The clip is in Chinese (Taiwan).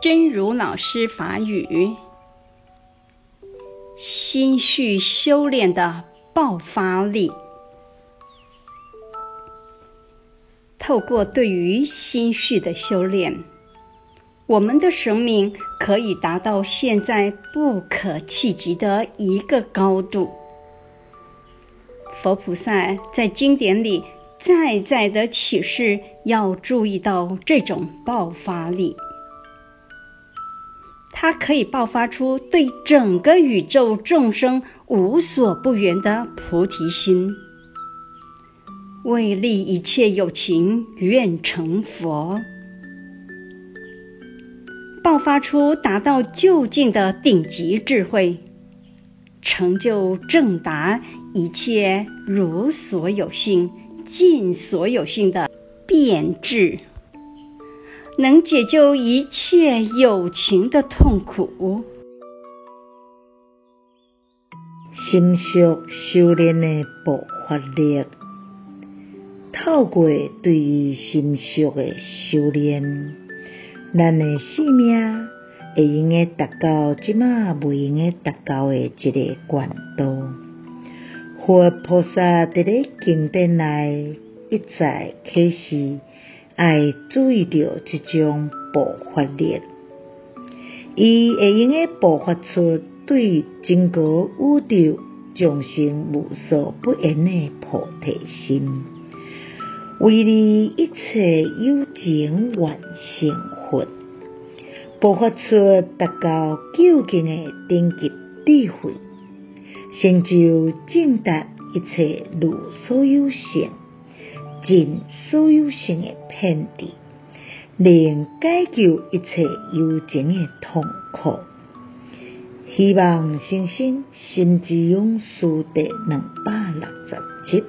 真如老師法語：心續修煉的爆發力。透過對於心續的修煉，我們的生命可以達到現在不可企及的一個高度。佛菩薩在經典裡再再地啟示，要注意到這種爆發力。它可以爆發出對整個宇宙眾生無所不緣的菩提心，為利一切有情願成佛，爆發出達到究竟的頂級智慧，成就證達一切如所有性、盡所有性的遍智。能解救一切有情的痛苦。心續修鍊的爆發力，透過對於心續的修鍊，咱的生命會用個達到即馬未用個達到的一個高度。佛菩薩佇咧經典內一再啟示。愛注意到這種爆發力，伊會用個爆發出對整個宇宙眾生無所不緣的菩提心，為利一切有情願成佛，爆發出達到究竟的頂級智慧，成就證達一切如所有性、盡所有性的遍智，能解救一切有情的痛苦。希望新生心之勇士第二百六十集。